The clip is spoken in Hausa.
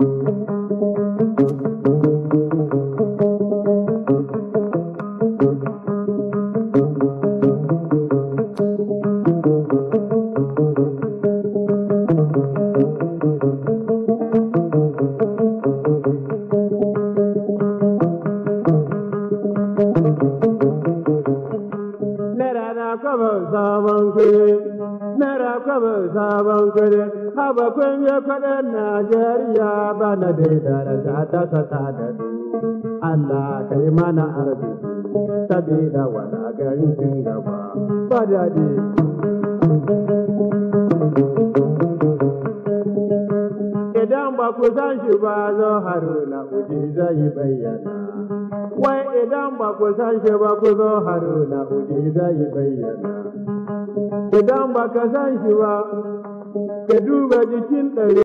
Let us have a kamun sabon kuɗi, haba kun yi kuɗin Najeriya ba na da ta ta ta da Allah ka yi mana arziki, sabida wani garin cin gaba, ba daɗi. idan ba ku san shi ba zo haruna uji zai bayyana. Wai idan ba ku san shi ba ku zo haruna uji zai bayyana. idan ba ka san shi ba, ka duba jikin ɗari.